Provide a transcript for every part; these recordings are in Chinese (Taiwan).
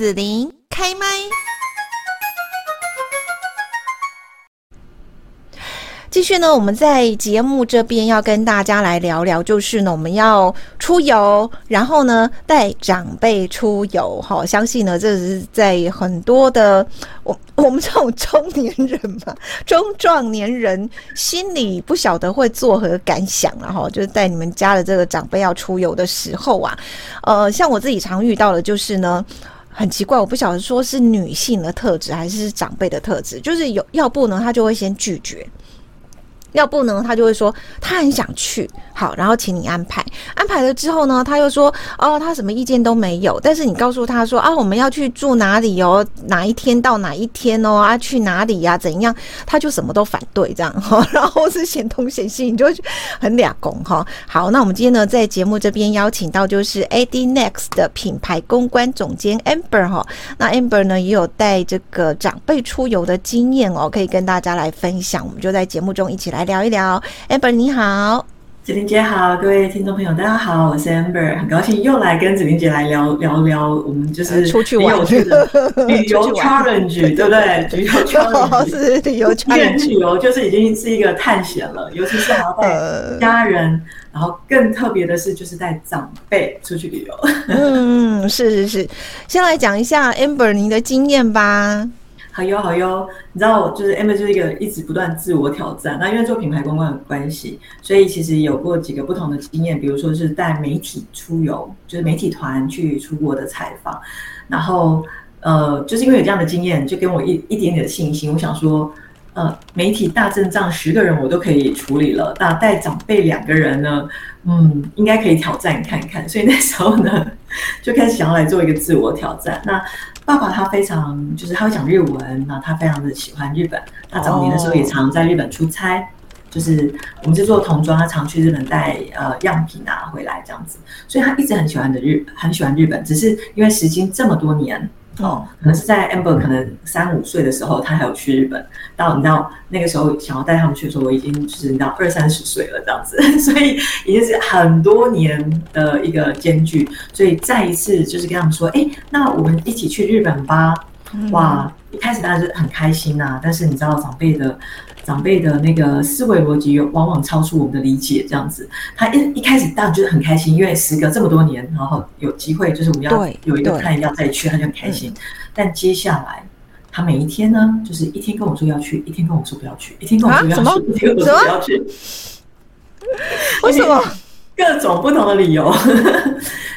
子琳開麥，繼續呢，我們在節目這邊要跟大家來聊聊，就是呢，我們要出遊，然後呢，帶長輩出遊哈、哦，相信呢，這是在很多的我我們這種中年人嘛，中壯年人心裡不曉得會作何感想啊。哈、哦，就是在你們家的這個長輩要出遊的時候啊，呃，像我自己常遇到的，就是呢。很奇怪，我不曉得說是女性的特質還是長輩的特質，就是有要不呢？他就會先拒絕。要不呢？他就會說他很想去，好，然後請你安排。安排了之後呢，他又說哦，他什麼意見都沒有。但是你告訴他說啊，我們要去住哪裡哦？哪一天到哪一天哦？啊，去哪裡呀？啊？怎樣？他就什麼都反對這樣。然後是嫌東嫌西，你就很倆公哈。好，那我們今天呢，在節目這邊邀請到就是 ADNEXT 的品牌公關總監 Amber 哈。那 Amber 呢，也有帶這個長輩出遊的經驗哦，可以跟大家來分享。我們就在節目中一起來。來聊一聊，Amber 你好，子琳姐,姐好，各位聽眾朋友大家好，我是 Amber，很高興又來跟子琳姐來聊聊聊，我們就是出,出去玩有趣的旅遊 challenge， 對不對,對,對,對,對？旅遊 challenge 旅遊，帶人旅遊就是已經是一個探險了，尤其是帶家人，呃、然後更特別的是，就是帶長輩出去旅遊。 嗯，是是是，先來講一下 Amber 您的經驗吧。好喲好喲，你知道，就是 Amber 就是一個一直不斷自我挑戰。那因為做品牌公關的關係，所以其實有過幾個不同的經驗，比如說是帶媒體出遊，就是媒體團去出國的採訪。然後，呃，就是因為有這樣的經驗，就給我一一點點的信心。我想說，呃，媒體大陣仗十個人我都可以處理了，那帶長輩兩個人呢？嗯，應該可以挑戰看看。所以那時候呢，就開始想要來做一個自我挑戰。那爸爸他非常就是他會講日文，啊，然後他非常的喜歡日本。他早年的時候也常在日本出差，Oh. 就是我們是做童裝，他常去日本帶呃樣品拿回來這樣子，所以他一直很喜歡的日很喜歡日本，只是因為時間這麼多年。哦，可能是在 Amber、嗯、可能三五歲的時候，他還有去日本。到你知道那個時候，想要帶他們去的時候，我已經、就是你知道二三十歲了這樣子，所以已經是很多年的一個間距。所以再一次就是跟他們說，哎、欸，那我們一起去日本吧！哇，嗯、一開始大家就是很開心啊，但是你知道長輩的。長輩的那個思維邏輯，有往往超出我們的理解。這樣子，他一一開始當然就是很開心，因為時隔這麼多年，然後有機會，就是我們要有一個看，要再去，他就很開心。但接下來，他每一天呢，就是一天跟我說要去，一天跟我說不要去，一天跟我說要去，一天跟我說不要去，為什麼？各種不同的理由，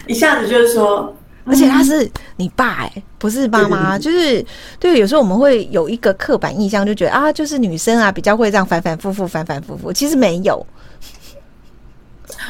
一下子就是說。而且他是你爸哎，不是媽媽，就是對。有時候我們會有一個刻板印象，就覺得啊，就是女生啊比較會這樣反反复复，反反复复。其實沒有，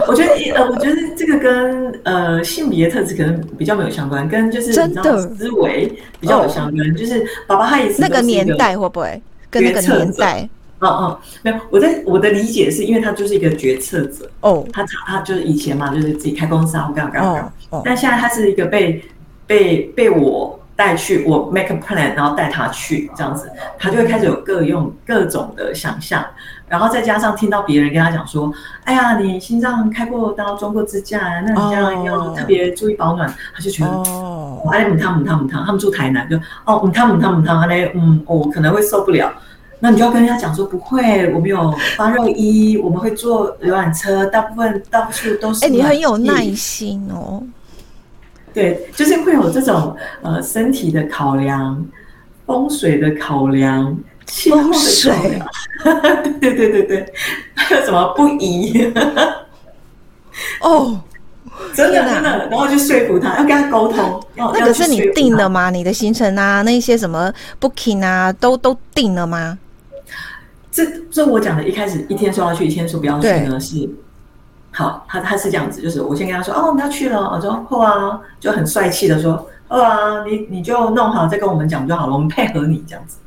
我覺得呃，我覺得這個跟呃性別特質可能比較沒有相關，跟就是真的思維比較有相關。就是寶寶他也是那個年代會不會？跟那個年代？哦哦，沒有。我在我的理解是因為他就是一個決策者哦，他他就是以前嘛，就是自己開公司啊，我剛剛剛。但現在他是一個被被被我帶去，我 make a plan，然後帶他去這樣子，他就會開始有各用各種的想象，然後再加上聽到別人跟他講說，哎呀，你心臟開過刀，裝過支架，那你這樣要特別注意保暖，哦、他就覺得哦，還他們他們他們他們住台南，就哦，他們他們他們，哎，嗯、哦，我可能會受不了，那你就要跟人家講說不會，我們有發熱衣， 我們會坐遊覽車，大部分到處都是。哎、欸，你很有耐心哦。對，就是會有這種呃身體的考量，風水的考量，氣候的考量，水 對對對對有對 什麼不宜？哦、 oh,，真的真啦然後就說服他，要跟他溝通。哦，那可是你定了嗎？你的行程啊，那些什麼 booking 啊，都都定了嗎？這這我講的，一開始一天說要去，一天說不要去呢，對是。好，他他是這樣子，就是我先跟他說，哦，我們要去了，我說好啊，就很帥氣的說，好啊，你你就弄好，再跟我們講就好了，我們配合你這樣子。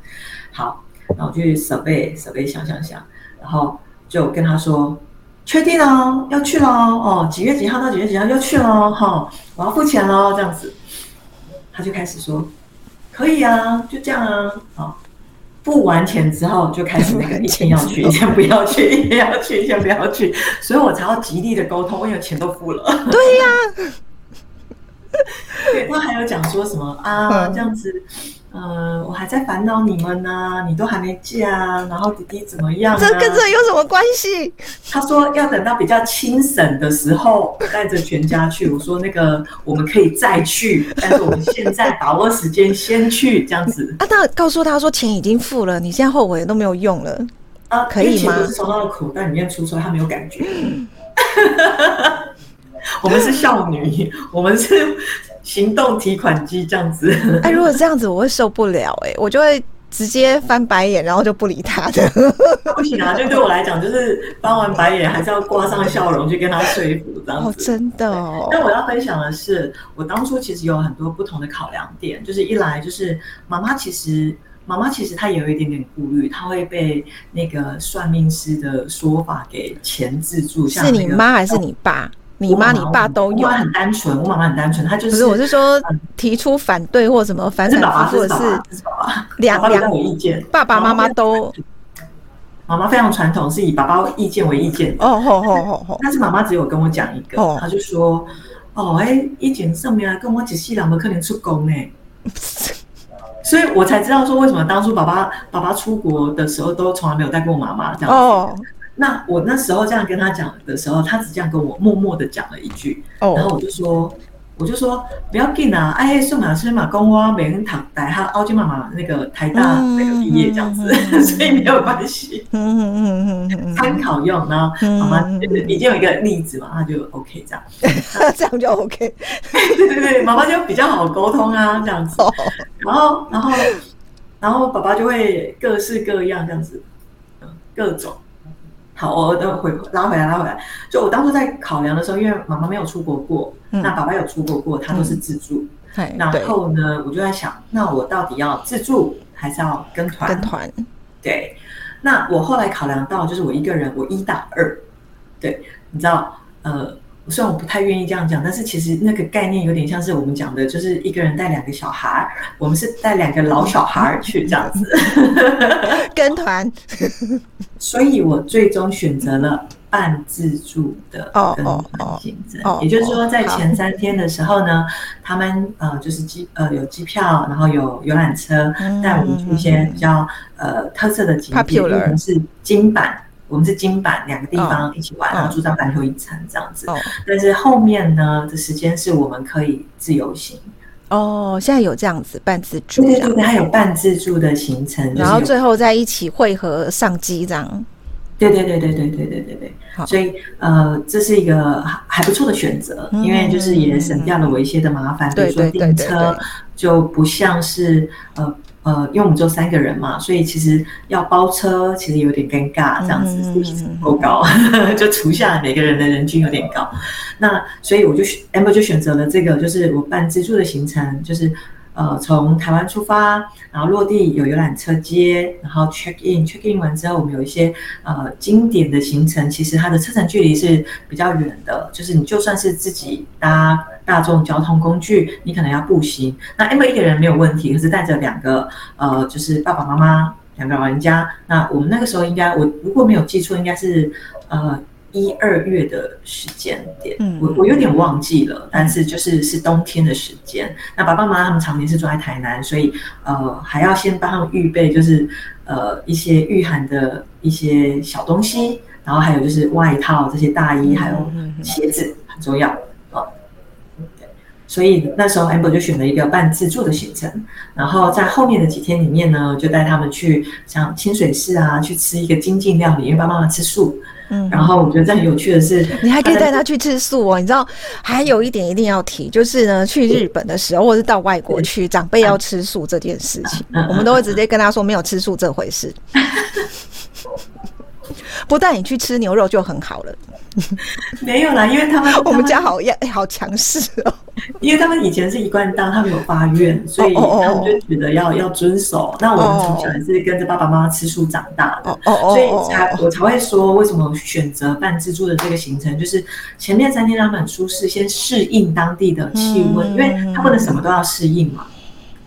好，然後我去設備設備，想想想，然後就跟他說，確定哦，要去了哦，幾月幾號到幾月幾號要去了好，哦，我要付錢嘍，這樣子，他就開始說，可以啊，就這樣啊，好付完錢之後就開始那個，一天 要去，一天不要去，一天 要去，一天不要去，所以我才要極力的溝通，因為錢都付了。對呀、啊。 對，他還有講說什麼啊？嗯、這樣子，嗯、呃，我還在煩惱你們呢、啊，你都還沒嫁、啊，然後弟弟怎麼樣、啊？這跟這有什麼關係？他說要等到比較輕省的時候帶着全家去。我說那個我們可以再去，但是我們現在把握時間先去這樣子。 啊，他告訴他說錢已經付了，你現在後悔都沒有用了啊？可以嗎？是收到苦，但裡面出說他沒有感覺。 我們是少女，我們是行動提款機這樣子。 哎、呃，如果這樣子，我會受不了哎、欸，我就會直接翻白眼，然後就不理他。的， 不行啊，就對我來講，就是翻完白眼， 還是要掛上笑容去跟他說服。哦，真的哦。那我要分享的是，我當初其實有很多不同的考量點，就是一來就是媽媽，其實媽媽其實她也有一點點顧慮，她會被那個算命師的說法給鉗制住。像那個、是你媽還是你爸？你媽你爸都有，我媽很單純，我媽媽很單純，她就是不是我是說提出反對或什麼，反正或者是兩兩有意見，爸爸媽媽都媽媽非常傳統，是以爸爸意見為意見。哦吼吼吼吼，但是媽媽只有跟我講一個，她就說哦哎，一卷證明啊，跟我姐系兩伯克林出國呢，所以我才知道說為什麼當初爸爸爸爸出國的時候都從來沒有帶過媽媽這樣哦。那我那時候這樣跟他講的時候，他只這樣跟我默默地講了一句，oh. 然後我就說，我就說不要緊啊，哎呀，是馬車馬公啊，美人躺，哎哈，奧基媽媽那個台大那個畢業這樣子，嗯嗯嗯嗯、 所以沒有關係、嗯，嗯嗯嗯嗯參考用，然後媽媽已經有一個例子嘛，他、嗯嗯、就 OK 這樣子， 這樣就 OK， 對對對，媽媽就比較好溝通啊這樣子，oh. 然後然後然後爸爸就會各式各樣這樣子，各種。好、哦，我等回拉回來拉回來。就我當初在考量的時候，因為媽媽沒有出國過，嗯、那爸爸有出國過，他都是自助。嗯、然後呢，對我就在想，那我到底要自助還是要跟團？跟團團。對。那我後來考量到，就是我一個人，我一打二。對，你知道，呃。雖然我不太願意這樣講，但是其實那個概念，有點像是我們講的，就是一個人帶兩個小孩兒，我們是帶兩個老小孩兒去這樣子，跟團 團。所以我最終選擇了半自助的跟團行程，也就是說在前三天的時候呢，他們、oh, oh, oh. 呃就是機呃有機票，然後有，有遊覽車帶我們去一些比較呃特色的景點，不 Sam cheerful, 我們是金版。我們是京阪，兩個地方一起玩，然後住在環球影城這樣子。但是後面呢，這時間是我們可以自由行。哦，現在有這樣子半自助，對對對，還有半自助的行程，然後最後再一起會合上機這樣。對對對對對對對對對。所以呃，這是一個還不錯的選擇，因為就是也省掉了我一些的麻煩，比如說訂車就不像是呃。呃，因為我們只有三個人嘛，所以其實要包車，其實有點尷尬，這樣子，不夠、嗯、高，嗯、 就除下來每個人的人均有點高，嗯、那所以我就選，Amber 就選擇了這個，就是我辦自助的行程，就是。呃，從台灣出發，然後落地有遊覽車接，然後 check in check in 完之後，我們有一些呃經典的行程，其實它的車程距離是比較遠的，就是你就算是自己搭大眾交通工具，你可能要步行。那 M 一個人沒有問題，可是帶着兩個呃，就是爸爸媽媽兩個老人家，那我們那個時候應該我如果沒有記錯，應該是呃。一二月的時間點，嗯、我我有點忘記了，嗯、但是就是是冬天的時間。那爸爸媽媽他們常年是住在台南，所以呃還要先幫他們預備，就是呃一些禦寒的一些小東西，然後還有就是外套、這些大衣，嗯、還有鞋子、嗯嗯、很重要哦、嗯。對，所以那時候 Amber 就選了一個半自助的行程，然後在後面的幾天裡面呢，就帶他們去像清水寺啊，去吃一個精進料理，因為爸爸媽媽吃素。嗯，然後我覺得在很有趣的是，你還可以帶他去吃素哦。啊、你知道，還有一點一定要提，就是呢，去日本的時候，或是到外國去，是長輩要吃素這件事情，啊啊啊、我們都會直接跟他說，沒有吃素這回事。不帶你去吃牛肉就很好了。 沒有啦，因為他們，他們我們家好耶、欸，好強勢哦。因為他們以前是一貫道，他們有發願，所以他們就覺得要 oh oh oh. 要遵守。那我們從小也是跟着爸爸媽媽吃素長大的，oh oh. 所以才我才會說，為什麼選擇半自助的這個行程？就是前面三天讓他們很舒適，先適應當地的氣溫，mm hmm. 因為他不能什麼都要適應嘛。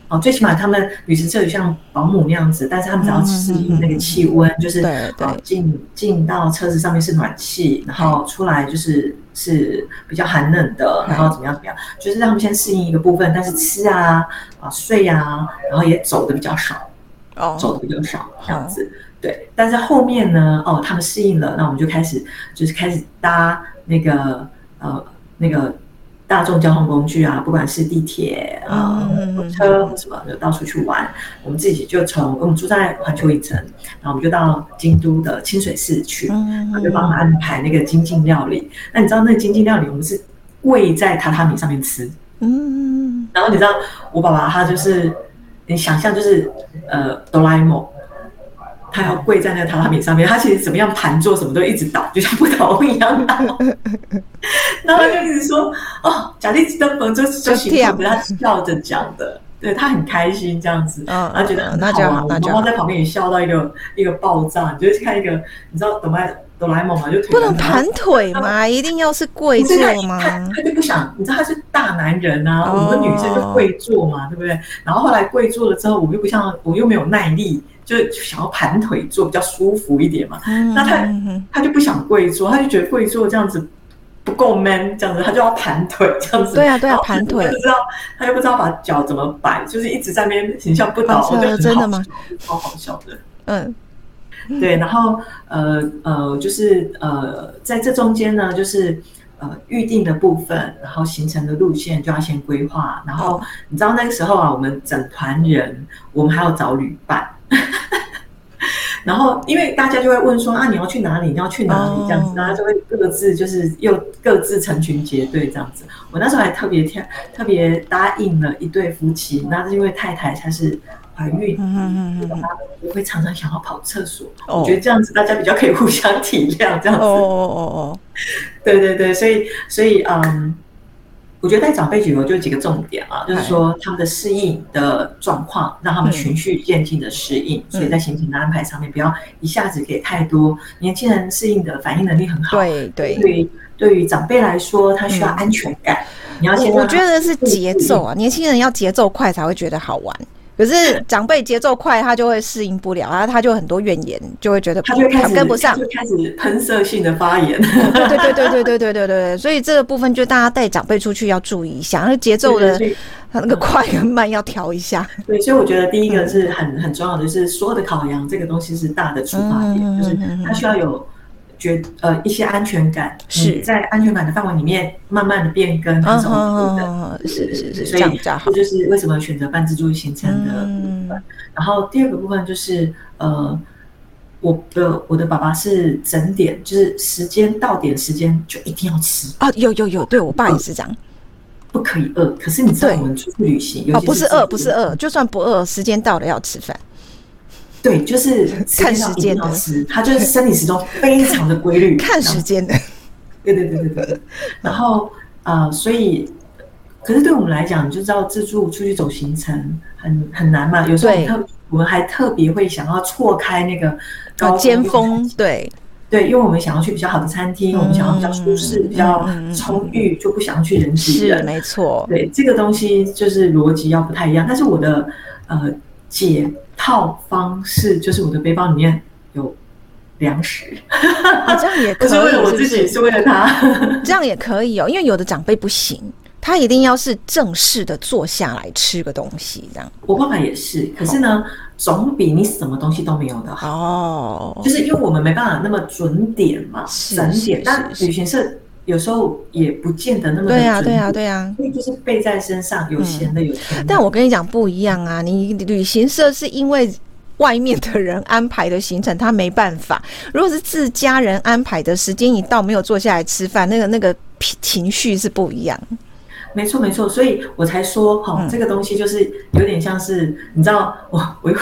哦，最起碼他們旅行車有像保姆那樣子，但是他們只要適應那個氣溫，嗯、就是對，進進、哦、到車子上面是暖氣，然後出來就是是比較寒冷的，然後怎麼樣怎麼樣，就是讓他們先適應一個部分。但是吃啊啊睡啊，然後也走得比較少，哦、走得比較少這樣子。哦、對，但是後面呢，哦，他們適應了，那我們就開始就是開始搭那個呃那個。大眾交通工具啊，不管是地鐵啊、火車、嗯、什麼，就到處去玩。我們自己就從我們住在環球影城，然後我們就到京都的清水寺去，他、嗯、就幫我們安排那個精進料理。嗯、那你知道那個精進料理，我們是跪在榻榻米上面吃。嗯，然後你知道我爸爸他就是，你想象就是呃哆啦 A 夢。他要跪在那榻榻米上面，他其實怎麼樣盤坐，什麼都一直倒，就像不倒翁一樣倒。然後他就一直說：“哦，賈立珍，本就就喜歡跟他笑着講的，對他很開心這樣子。”嗯，然後覺得很好，那我媽媽在旁邊也笑到一個一個爆炸，你就去看一個，你知道哆啦哆啦 A 夢嘛，就不能盤腿嘛，一定要是跪坐嘛，他就不想，你知道他是大男人啊，我們女生就跪坐嘛，對不對？然後後來跪坐了之後，我又不像，我又沒有耐力，就想要盤腿坐比較舒服一點嘛，嗯、那他、嗯、他就不想跪坐，他就覺得跪坐這樣子不夠 man，這樣子他就要盤腿這樣子。對呀、啊、對呀、啊，盤腿，他又不知道，他又不知道把腳怎麼擺，就是一直在那邊形象不倒，我覺得真的嗎？好好笑的，嗯，對，然後呃呃，就是呃在這中間呢，就是呃預定的部分，然後行程的路線就要先規劃，然後、嗯、你知道那個時候啊，我們整團人，我們還要找旅伴。 然後，因為大家就會問說啊，你要去哪裡？你要去哪裡？這樣子，大家、oh. 就會各自就是又各自成群結隊，對這樣子。我那時候還特別特特別答應了一對夫妻，oh. 那是因為太太她是懷孕，嗯嗯嗯她們會常常想要跑廁所，oh. 我覺得這樣子大家比較可以互相體諒這樣子。哦哦哦，對對對，所以所以嗯。Um, 我覺得帶長輩旅遊就有幾個重點啊，就是說他們的適應的狀況，讓他們循序漸進的適應。所以在行程的安排上面，不要一下子給太多。年輕人適應的反應能力很好，對，對。對於對於長輩來說，他需要安全感。你要先，我，我覺得是節奏啊，年輕人要節奏快才會覺得好玩。可是長輩節奏快，他就會適應不了，啊，然後他就很多怨言，言，就會覺得他就會開始跟不上，就開始噴射性的發言。 對，對對對對對對對對，所以這個部分就大家帶長輩出去要注意一下，那節奏的他那個快跟慢要調一下對對對，嗯。對，所以我覺得第一個是很很重要的，就是所有的考量，這個東西是大的出發點，嗯嗯嗯嗯嗯，就是它需要有。覺得呃一些安全感，是在安全感的範圍裡面慢慢的變更，很舒服，是是是，所以這就是為什麼選擇半自助行程的。然後第二個部分就是呃，我的我的爸爸是整點，就是時間到點時間就一定要吃啊，有有有，對我爸也是這樣，不可以餓，可是你知道我們出去旅行，哦不是餓不是餓，就算不餓，時間到了要吃飯。對，就是時間到一定要時，看時間的，他就是生理時鐘非常的規律。看時間的，對對對對對。然後啊、呃，所以可是對我們來講，你就知道自助出去走行程很很難嘛。有時候我特對我們還特別會想要錯開那個高峰、呃、尖峰，對對，因為我們想要去比較好的餐廳，嗯、我們想要比較舒適、嗯、比較充裕，嗯、就不想要去人擠人。是沒錯，對這個東西就是邏輯要不太一樣。但是我的呃姐。套方式就是我的背包裡面有糧食，哦，這樣也可以。不 是為了我自己，是為了他。這樣也可以哦，因為有的長輩不行，他一定要是正式的坐下來吃個東西，這樣。我爸爸也是，可是呢，oh. 總比你什麼東西都沒有的好。哦，oh. 就是因為我們沒辦法那麼準點嘛，準點。但旅行社。有時候也不見得那麼對呀、啊，對呀、啊，對呀、啊，就是背在身上，有錢的有錢、嗯，但我跟你講不一樣啊！你旅行社是因為外面的人安排的行程， 他沒辦法；如果是自家人安排的時，時間一到沒有坐下來吃飯，那個那個情緒是不一樣。沒錯，沒錯，所以我才說哈、哦，這個東西就是有點像是，嗯、你知道，我我又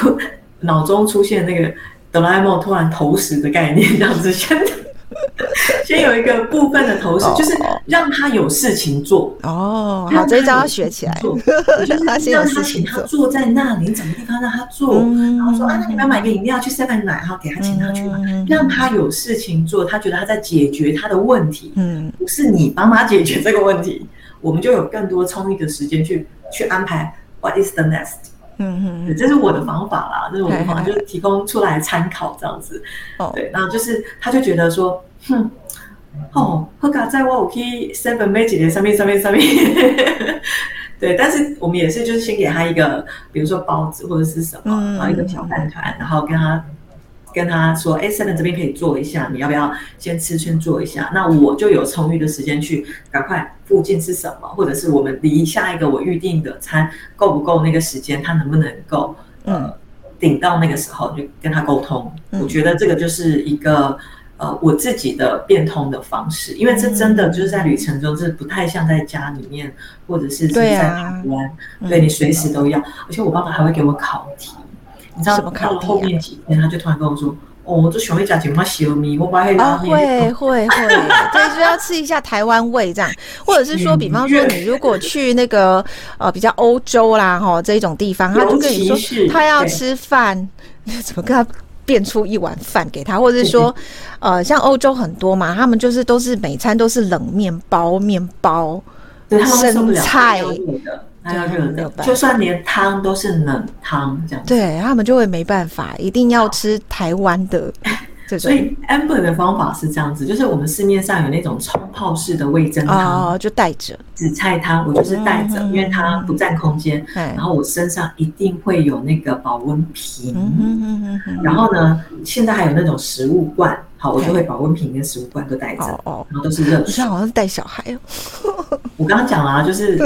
腦中出現那個哆啦 A 夢突然投食的概念，這樣子 先有一個部分的投訴、oh, okay. 就是讓他有事情做哦，oh, 他這一招要學起來做，oh, okay. 就是先讓他請他坐在那裡， 你怎麼地方讓他坐，嗯、然後說啊，那你要買一個飲料、嗯、去 seven 買，然後給他請他去嘛。讓他有事情做，嗯、他覺得他在解決他的問題，嗯，不是你幫他解決這個問題，我們就有更多充裕的時間去去安排。What is the next? 嗯嗯嗯，這是我的方法啦，嗯、哼這是我的方法，嘿嘿，就是提供出來參考這樣子。嘿嘿，對，然後就是他就覺得說，哼、嗯，哦，賀卡在我七 Seven Magic 上面上面上面，什麼什麼什麼 對。但是我們也是就是先給他一個，比如說包子或者是什麼，嗯、哼然後一個小飯糰，嗯、哼然後跟他。跟他說，哎，現在這邊可以坐一下，你要不要先吃先坐一下？那我就有充裕的時間去趕快附近吃什麼，或者是我們離下一個我預定的餐夠不夠那個時間，他能不能夠嗯、呃、頂到那個時候，就跟他溝通。嗯、我覺得這個就是一個呃我自己的變通的方式，因為這真的就是在旅程中，嗯、這不太像在家裡面或者是在對在台灣，所以對、嗯、你隨時都要。吧而且我爸爸還會給我考題。你知道怎麼看、啊？後，後面幾，然後就突然跟我說：“哦，我就喜歡加幾塊蝦米，我把黑面。”啊，會會會，會會 對，就是、要吃一下台灣味這樣，或者是說，比方說你如果去那個呃比較歐洲啦吼這一種地方，他就跟你說他要吃飯，怎麼跟他變出一碗飯給他，或者是說，對呃，像歐洲很多嘛，他們就是都是每餐都是冷麵包、麵包、對他生菜。要熱就算連湯都是冷湯，這樣子對他們就會沒辦法，一定要吃台灣的 對所以 Amber 的方法是這樣子，就是我們市面上有那種沖泡式的味噌湯、哦，就帶着紫菜湯，我就是帶着，嗯、哼因為它不占空間。嗯、哼然後我身上一定會有那個保溫瓶，嗯、哼然後呢，現在還有那種食物罐。我就會保溫瓶跟食物罐都帶走，oh, oh, 然後都是熱水。像好像是帶小孩，啊， 我剛剛講了，就是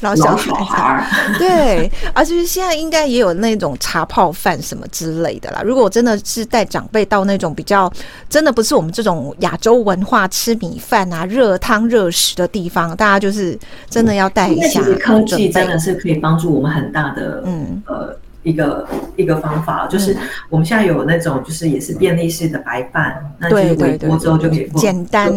老小孩。 小孩 對，而、啊、且、就是現在應該也有那種茶泡飯什麼之類的啦。 如果我真的是帶長輩到那種比較，真的不是我們這種亞洲文化吃米飯啊，熱湯熱食的地方，大家就是真的要帶一下。科技、嗯、空氣真的是可以幫助我們很大的，嗯。呃一個一個方法，就是我們現在有那種，就是也是便利式的白飯，那就微波之後就可以簡單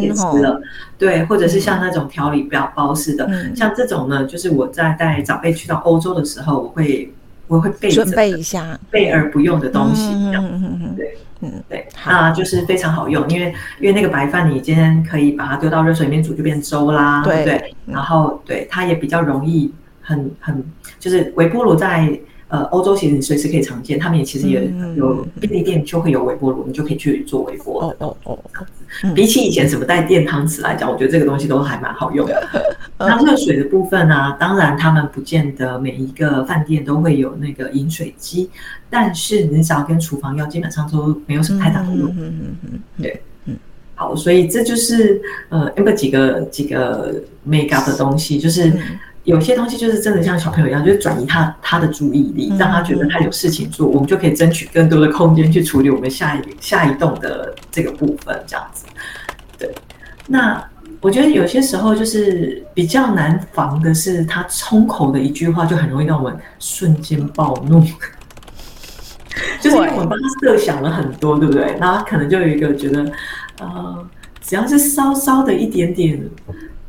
了。對，或者是像那種調理包式的，像這種呢，就是我在帶長輩去到歐洲的時候，我會我會備着，備一下備而不用的東西。嗯嗯嗯對，嗯對，那就是非常好用，因為因為那個白飯，你今天可以把它丟到熱水裡面煮，就變粥啦，對對，然後對它也比較容易，很很就是微波爐在。呃，歐洲其實你隨時可以常見，他們也其實也有便利店就會有微波爐，你就可以去做微波。比起以前什麼帶電湯匙來講，我覺得這個東西都還蠻好用的。那熱水的部分呢、啊？當然，他們不見得每一個飯店都會有那個飲水機，但是你只要跟廚房要，基本上都沒有什麼太大的用。嗯嗯嗯，對。嗯，好，所以這就是呃，幾個幾個 make up 的東西，是就是。有些東西就是真的像小朋友一樣，就是轉移他他的注意力，讓他覺得他有事情做，我們就可以爭取更多的空間去處理我們下一下一動的這個部分，這樣子。對，那我覺得有些時候就是比較難防的是他衝口的一句話，就很容易讓我們瞬間暴怒，對就是因為我們幫他設想了很多，對不對？那他可能就有一個覺得，呃，只要是稍稍的一點點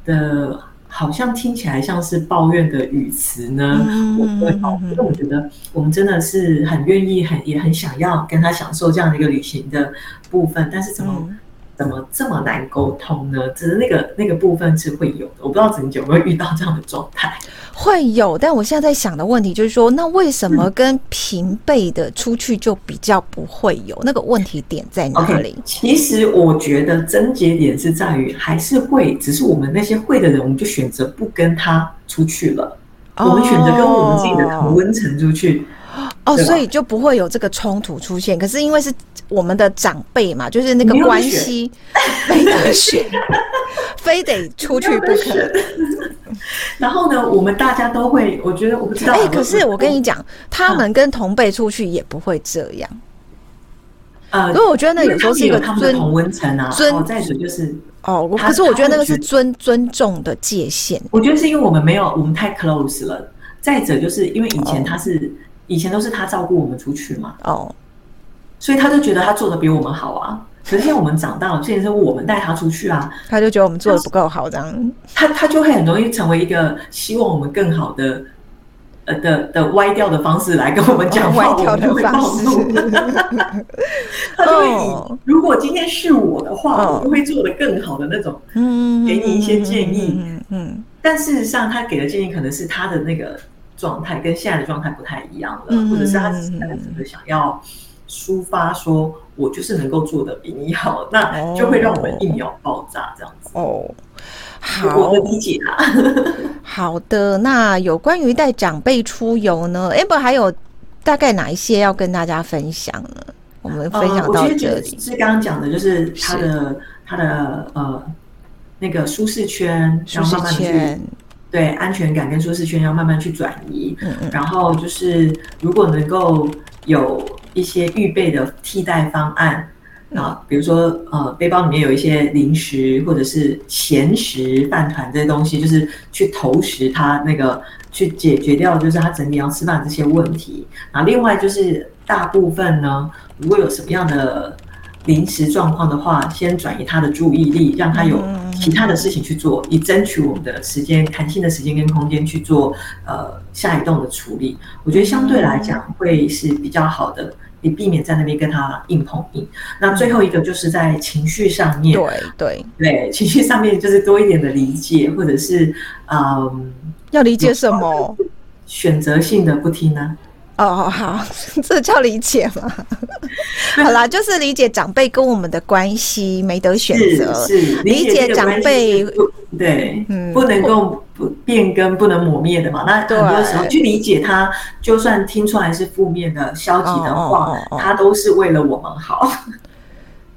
的。好像聽起來像是抱怨的語詞呢、mm，hmm. 我會。Mm hmm. 因為我覺得我們真的是很願意、很也很想要跟他享受這樣的一個旅行的部分，但是怎麼？Mm hmm. 怎麼這麼難溝通呢？只是那個那個部分是會有的，我不知道怎麼有沒有遇到這樣的狀態，會有。但我現在在想的問題就是說，那為什麼跟平輩的出去就比較不會有、嗯、那個問題點在哪裡？其實、okay. 我覺得症結點是在於還是會，只是我們那些會的人，我們就選擇不跟他出去了，oh. 我們選擇跟我們自己的同溫層出去，哦、oh. oh, 吧，所以就不會有這個衝突出現。可是因為是。我們的長輩嘛，就是那個關係，沒得選，非得出去不可。然後呢，我們大家都會，我覺得我不知道。哎，可是我跟你講，他們跟同輩出去也不會這樣。啊，因為我覺得那有時候是一個他們同溫層啊。再說就是哦，可是我覺得那個是尊尊重的界限。我覺得是因為我們沒有我們太 close 了。再者就是因為以前他是以前都是他照顧我們出去嘛。哦。所以他就覺得他做的比我們好啊。可是我們長大了，現在是我們帶他出去啊，他就覺得我們做的不夠好，這樣。他他，他就會很容易成為一個希望我們更好的，呃、的的歪掉的方式來跟我們講話，歪掉的方式我們就會暴怒。 他對、oh. 如果今天是我的話，我會做的更好的那種。嗯，oh. 給你一些建議。嗯、mm，hmm. 但事實上，他給的建議可能是他的那個狀態跟現在的狀態不太一樣了，mm hmm. 或者是他現在只是想要。抒發說，我就是能夠做的比你好，那就會讓我們一秒爆炸這樣子。哦，oh, oh, 我理解啊好， 好的。那有關於帶長輩出遊呢 Amber 還有大概哪一些要跟大家分享呢？我們分享到這裡。呃、覺得覺得是剛剛講的，就是他的他的呃那個舒適圈，舒適圈然後慢慢去對安全感跟舒適圈要慢慢去轉移。嗯嗯。然後就是如果能夠有。一些預備的替代方案啊，比如說呃，背包裡面有一些零食或者是鹹食飯團這些東西，就是去投食他那個去解決掉，就是他整天要吃飯這些問題。啊，另外就是大部分呢，如果有什麼樣的臨時狀況的話，先轉移他的注意力，讓他有其他的事情去做，以爭取我們的時間、彈性的時間跟空間去做呃下一動的處理。我覺得相對來講會是比較好的。你避免在那邊跟他硬碰硬，那最後一個就是在情緒上面，對對對，情緒上面就是多一點的理解，或者是嗯，呃、要理解什麼？什麼選擇性的不聽呢、啊？哦，好，這叫理解嘛？ 好啦，就是理解長輩跟我們的關係對沒得選擇，是是理解長輩解對，嗯、不能夠不變更，不能磨滅的嘛。那很多時候去理解他，對就算聽出來是負面的、消極的話，哦哦哦哦他都是為了我們好。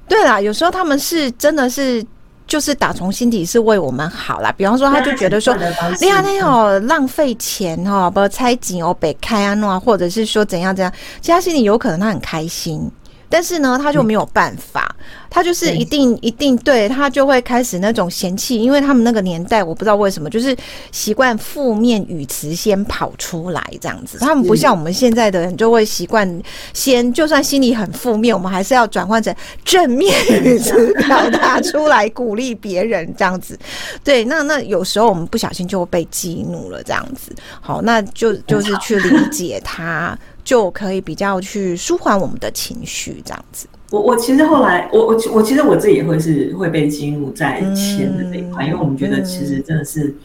對啦，有時候他們是真的是。就是打從心底是為我們好啦，比方說他就覺得說，哎呀，那要、喔、浪費錢哦、喔，不要拆景哦，北開啊，那或者是說怎樣怎樣，其實他心裡有可能他很開心。但是呢，他就沒有辦法，嗯、他就是一定、嗯、一定，對，他就會開始那種嫌棄，因為他們那個年代，我不知道為什麼，就是習慣負面語詞先跑出來這樣子。他們不像我們現在的人，就會習慣先，嗯、就算心裡很負面，我們還是要轉換成正面語詞、嗯、表達出來， 鼓勵別人這樣子。對，那那有時候我們不小心就會被激怒了這樣子。好，那就就是去理解他。很好 就可以比較去舒緩我們的情緒，這樣子。我我其實後來，我我我其實我自己也會是會被進入在錢的那一塊，嗯、因為我們覺得其實真的是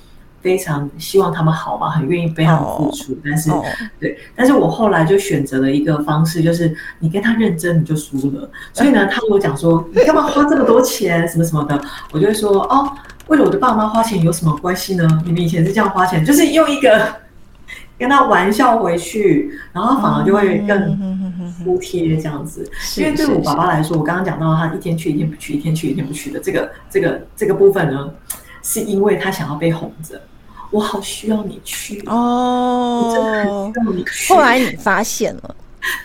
非常希望他們好吧，很願意為他們付出，哦、但是、哦、對，但是我後來就選擇了一個方式，就是你跟他認真你就輸了。所以呢，嗯、他跟我講說，你幹嘛花這麼多錢， 什麼什麼的，我就會說，哦，為了我的爸媽花錢有什麼關係呢？你們以前是這樣花錢，就是用一個。跟他玩笑回去，然後反而就會更服帖這樣子。嗯、因為對我爸爸來說，我剛剛講到他一天去一天不去一天去一天不去的這個這個這個部分呢，是因為他想要被哄着，我好需要你去哦，我真的很需要你去。後來你發現了，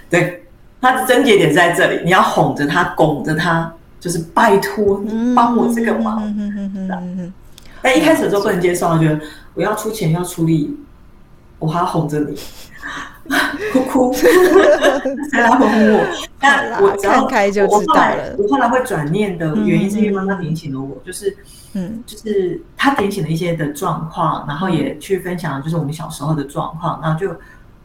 對，他的症結點在這裡，你要哄着他，拱着他，就是拜託你幫我這個忙。但一開始的時候不能接受，嗯、覺得我要出錢要出力。我還要哄着你，哭哭，誰 來哄我？但 我只要我後來，我後來會轉念的原因是因為媽媽點醒了我，就是，嗯，就是他點醒了一些的狀況，然後也去分享，就是我們小時候的狀況，然後就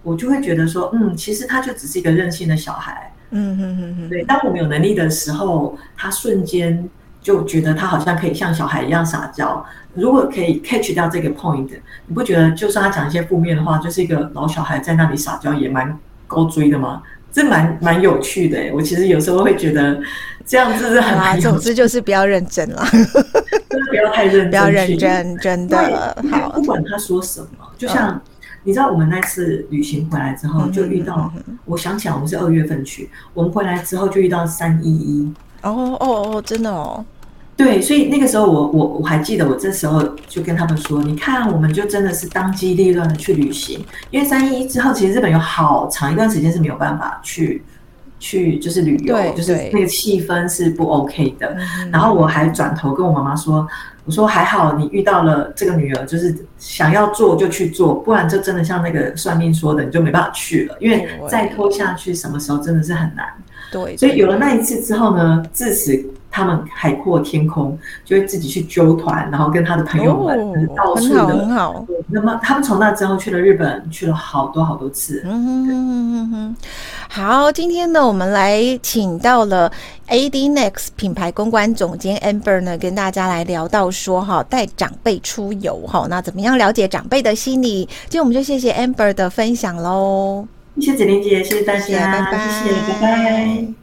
我就會覺得說，嗯，其實她就只是一個任性的小孩，嗯嗯嗯嗯，對，當我們有能力的時候，她瞬間。就覺得他好像可以像小孩一樣撒嬌，如果可以 catch 到這個 point，你不覺得就算他講一些負面的話，就是一個老小孩在那裡撒嬌也蠻勾追的嗎？這蠻蠻有趣的、欸、我其實有時候會覺得這樣子是很蠻、啊。總之就是不要認真啦，不要太認真，不要認真 要認真，真的好。不管他說什麼，好就像、嗯、你知道我們那次旅行回來之後就遇到，嗯嗯嗯我想想，我們是二月份去，我們回來之後就遇到三一一。哦哦哦，真的哦。對，所以那個時候我我我還記得，我這時候就跟他們說：“你看，我們就真的是當機立斷的去旅行，因為三一一之後，其實日本有好長一段時間是沒有辦法去去就是旅遊，對對就是那個氣氛是不 OK 的。嗯、然後我還轉頭跟我媽媽說：我說還好，你遇到了這個女兒，就是想要做就去做，不然就真的像那個算命說的，你就沒辦法去了，因為再拖下去，什麼時候真的是很難。對，對，所以有了那一次之後呢，至此。”他們海闊天空，就會自己去揪團，然後跟他的朋友們、哦、到處很好。那麼、嗯、他們從那之後去了日本，去了好多好多次。嗯哼哼哼哼。對好，今天呢，我們來請到了 AD Next 品牌公關總監 Amber 呢，跟大家來聊到說哈，帶長輩出遊哈，那怎麼樣了解長輩的心理？今天我們就謝謝 Amber 的分享嘍。謝謝子琳姐，謝謝大家，拜拜，謝謝，拜拜。謝謝拜拜